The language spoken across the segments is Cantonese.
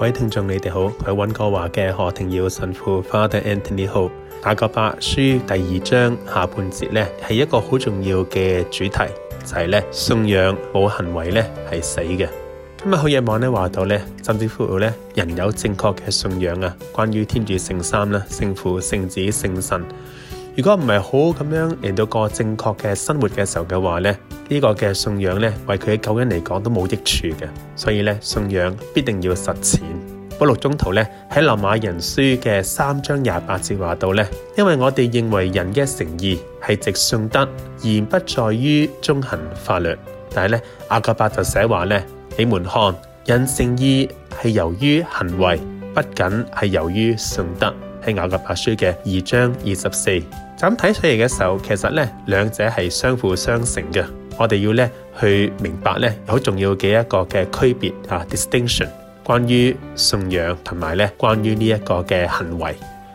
各位聽眾，你哋好！我係溫哥華嘅何庭耀神父 Father Anthony Ho。雅各伯書第二章下半節呢係一個好重要嘅主題，就係、是、呢：「信仰冇行為呢係死嘅。」金口若望呢話到呢，甚至乎呢，人有正確嘅信仰啊，關於天主聖三咧，聖父、聖子、聖神。如果唔係好咁樣嚟到個正確嘅生活嘅時候嘅話咧，呢、這個嘅信仰呢，為佢嘅救恩嚟講都冇益處嘅，所以呢，信仰必定要實踐。保祿宗徒呢，喺羅馬人書嘅三章廿八節話到呢，因為我哋認為人嘅成義係藉信德，而不在於遵行法律。但係呢，雅各伯，伯就寫話呢，你們看，人成義係由於行為，不僅係由於信德，係雅各伯書嘅二章二十四。咁睇出嚟嘅時候，其實咧兩者係相輔相成嘅。我哋要咧去明白咧好重要嘅一個嘅區別嚇，distinction。關於信仰同埋咧，關於呢一個嘅行為。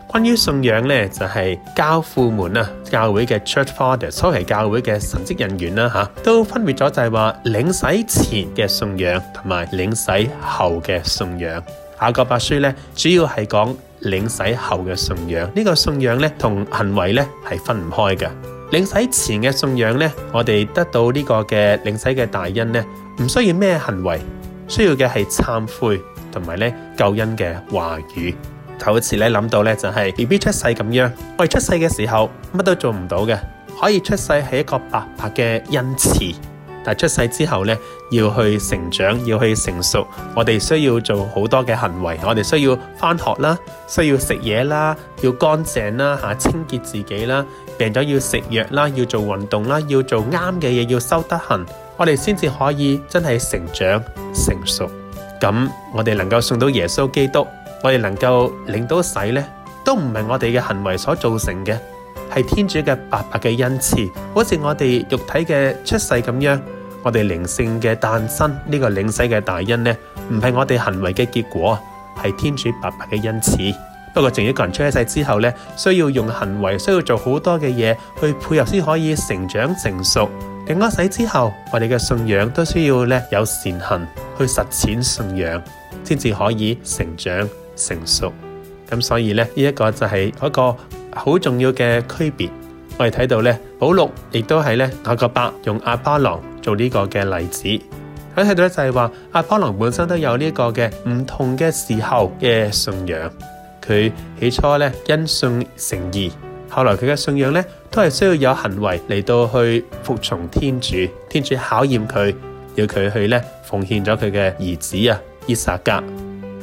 關於信仰咧，就係教父們啊，教會嘅 church fathers，初期教會嘅神職人員啦嚇，都分別咗就係話領洗前嘅信仰同埋領洗後嘅信仰。雅各伯書咧，主要係講。領洗後嘅信仰，呢個信仰呢，同行為呢，係分唔開嘅。領洗前嘅信仰呢，我哋得到呢個嘅領洗嘅大恩呢，唔需要咩行為，需要嘅係懺悔同埋呢救恩嘅話語。頭一次呢諗到呢就係 B B 出世咁樣，我哋出世嘅時候乜都做唔到嘅，可以出世係一個白白嘅恩賜。但出世之後咧，要去成長，要去成熟，我哋需要做好多嘅行為，我哋需要翻學啦，需要食嘢啦，要乾淨啦，吓清潔自己啦，病咗要食藥啦，要做運動啦，要做啱嘅嘢，要修德行，我哋先至可以真係成長成熟。咁我哋能夠送到耶穌基督，我哋能夠領到洗咧，都唔係我哋嘅行為所造成嘅，係天主嘅白白嘅恩賜，好似我哋肉體嘅出世咁樣。我哋靈性嘅誕生呢，這個領洗嘅大恩呢，唔係我哋行為嘅結果，係天主白白嘅恩賜。不過，正如一個人出世之後呢，需要用行為，需要做好多嘅嘢去配合，先可以成長成熟。領咗洗之後，我哋嘅信仰都需要呢，有善行去實踐信仰，先至可以成長成熟。咁所以呢，呢、這、一個就係一個好重要嘅區別。我哋睇到呢，保祿亦都係呢，雅各伯用亞巴郎。做呢個嘅例子，可睇到咧，就係話亞巴郎本身都有呢個嘅唔同嘅時候嘅信仰。佢起初咧因信成義，後來佢嘅信仰咧都係需要有行為嚟，到去服從天主。天主考驗佢，要佢去咧奉獻咗佢嘅兒子啊，依撒格。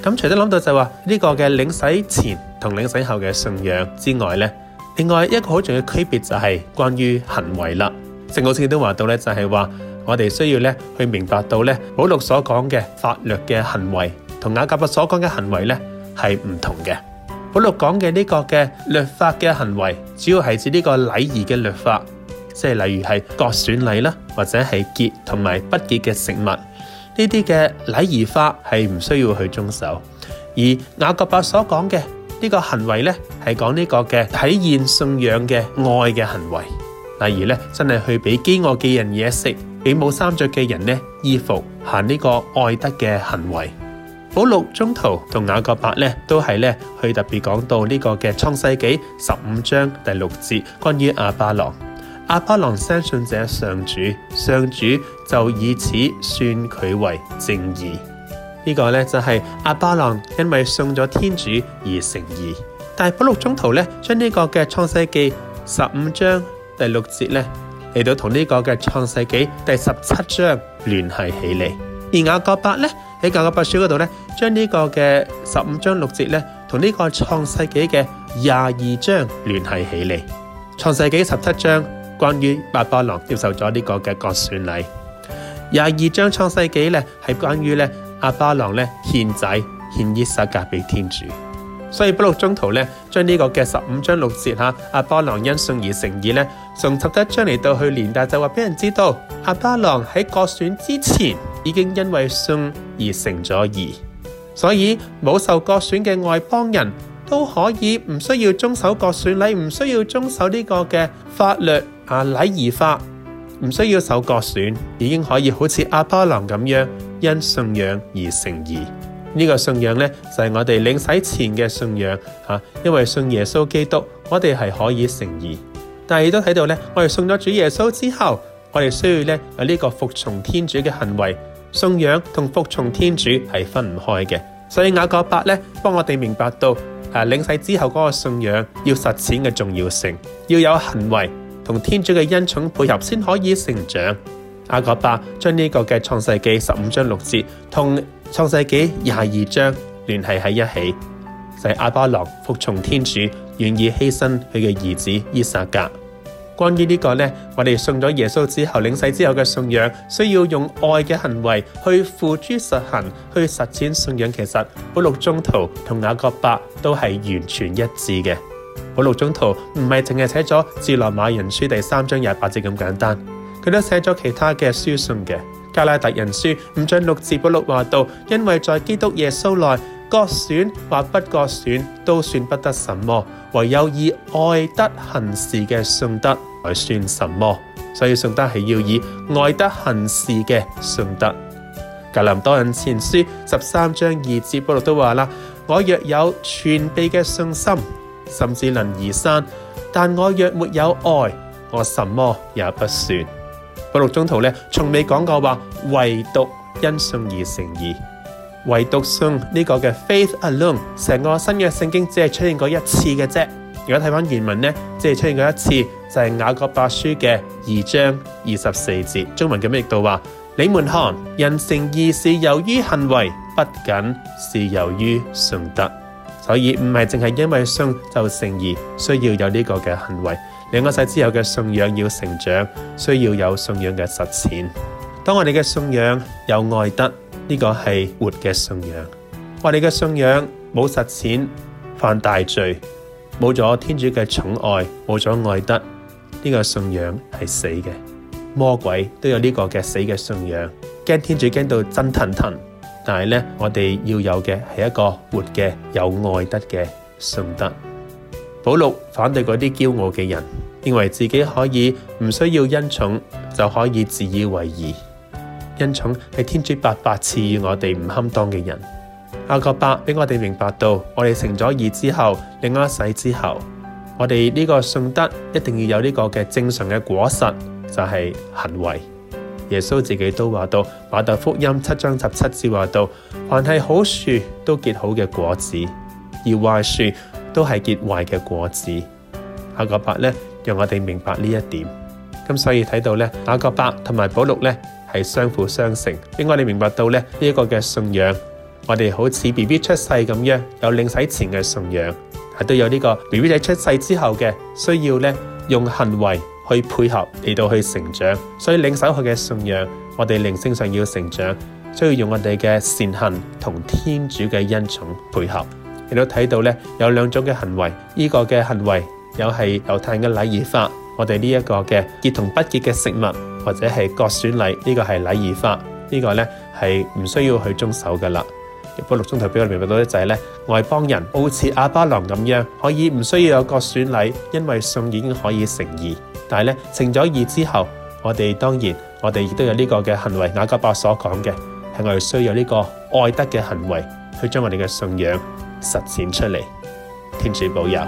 咁除咗諗到，就話呢個嘅領洗前同領洗後嘅信仰之外咧，另外一個好重要的區別就係關於行為啦。聖奧斯定都話到咧就係話。我哋需要咧去明白到咧，保祿所講嘅法律嘅行為，同雅各伯所講嘅行為咧係唔同嘅。保祿講嘅呢個嘅律法嘅行為，主要係指呢個禮儀嘅律法，即係例如係割損禮啦，或者係潔同埋不潔嘅食物呢啲嘅禮儀法係唔需要去遵守。而雅各伯所講嘅呢個行為咧，係講呢個嘅體現信仰嘅愛嘅行為，例如咧真係去俾飢餓嘅人嘢食。俾冇衫着嘅人呢，衣服行呢個愛德嘅行為。保祿宗徒同雅各伯呢，都係呢去特別講到呢個嘅創世記十五章第六節，關於阿巴郎。阿巴郎相信者上主，上主就以此算佢為正義。呢、這個呢，就係、是、阿巴郎因為信咗天主而成義。但係保祿宗徒呢，將呢個嘅創世記十五章第六節呢。嚟到同呢個嘅創世紀第十七章聯繫起嚟，而雅各伯呢，喺雅各伯書嗰度呢，將呢個嘅十五章六節呢，同呢個創世紀嘅廿二章聯繫起嚟。創世紀十七章關於亞巴，巴郎接受咗呢個嘅割損禮，廿二,二章創世紀呢，係關於呢亞巴郎呢獻仔獻依撒格俾天主。所以保祿中途咧，將呢個嘅十五章六節嚇，亞巴郎因信而成義咧，仲插多一章嚟到去年，但就話俾人知道，亞巴郎喺割損之前已經因為信而成咗義，所以冇受割損嘅外邦人都可以唔需要遵守割損禮，唔需要遵守呢個嘅法律啊禮儀法，唔需要受割損，已經可以好似亞巴郎咁樣因信仰而成義。呢、這個信仰呢，就係、是、我哋領洗前嘅信仰吓、啊，因為信耶穌基督，我哋係可以成義。但係都睇到呢，我哋信咗主耶穌之後，我哋需要咧有呢個服從天主嘅行為。信仰同服從天主係分唔開嘅，所以雅各伯呢，幫我哋明白到誒、啊、領洗之後嗰個信仰要實踐嘅重要性，要有行為同天主嘅恩寵配合先可以成長。雅各伯將呢個嘅創世記十五章六節同創世紀廿二章聯繫喺一起，使、就是、亞巴郎服從天主，願意犧牲佢嘅兒子依撒格。關於呢個呢，我哋信咗耶穌之後領洗之後嘅信仰，需要用愛嘅行為去付諸實行，去實踐信仰。其實保祿宗徒同雅各伯都係完全一致嘅。保祿宗徒唔係淨係寫咗《致羅馬人書》第三章廿八節咁簡單，佢都寫咗其他嘅書信嘅。加拉特人書五章六節，保祿話道因為在基督耶穌內，割損或不割損都算不得什麼，唯有以愛德行事嘅信德才算什麼。所以信德係要以愛德行事嘅信德。格林多人前書十三章二節保祿都話啦，我若有全備嘅信心，甚至能移山，但我若沒有愛，我什麼也不算。保祿宗徒咧，從未講過話，唯獨因信而成義，唯獨信呢、這個嘅 faith alone，成個新約聖經只係出現過一次嘅啫。如果睇翻原文呢，即係出現過一次，就係、是《雅各伯書》嘅二章二十四節，中文叫咩都話？你們看，人成義是由於行為，不僅是由於信德。所以唔係淨係因為信就成義，需要有呢個嘅行為。兩個世之後嘅信仰要成長，需要有信仰嘅實踐。當我哋嘅信仰有愛德，呢個係活嘅信仰；我哋嘅信仰冇實踐，犯大罪，冇咗天主嘅寵愛，冇咗愛德，呢個信仰係死嘅。魔鬼都有呢個嘅死嘅信仰，驚天主驚到震騰騰。但係呢，我哋要有嘅係一個活嘅有愛德嘅信德。保祿反對嗰啲驕傲嘅人，認為自己可以唔需要恩寵就可以自以為義。恩寵係天主白白賜予我哋唔堪當嘅人。雅各伯俾我哋明白到，我哋成咗義之後，領咗洗之後，我哋呢個信德一定要有呢個嘅正常嘅果實，就係、是、行為。耶穌自己都話到，馬太福音七章十七節話到，凡係好樹都結好嘅果子，而壞樹。都係結壞嘅果子。雅各伯咧，讓我哋明白呢一點。咁所以睇到咧，雅各伯同埋保祿咧係相輔相成。應該你明白到咧呢一、這個嘅信仰，我哋好似 B B 出世咁樣，有領洗前嘅信仰，係都有呢、這個 B B 仔出世之後嘅需要咧，用行為去配合嚟到去成長。所以領洗後嘅信仰，我哋靈性上要成長，需要用我哋嘅善行同天主嘅恩寵配合。你都睇到咧，有兩種嘅行為。呢、這個嘅行為有係猶太嘅禮儀法，我哋呢一個嘅結同不結嘅食物，或者係割損禮，呢、這個係禮儀法。這個、呢個咧係唔需要去遵守噶啦。如果六宗頭標裏面搵到一就係咧外邦人，好似亞巴郎咁樣，可以唔需要有割損禮，因為信已經可以成義。但係咧成咗義之後，我哋當然我哋亦都有呢個嘅行為。雅各伯所講嘅係我哋需要呢個愛德嘅行為去將我哋嘅信仰實踐出嚟，天主保佑。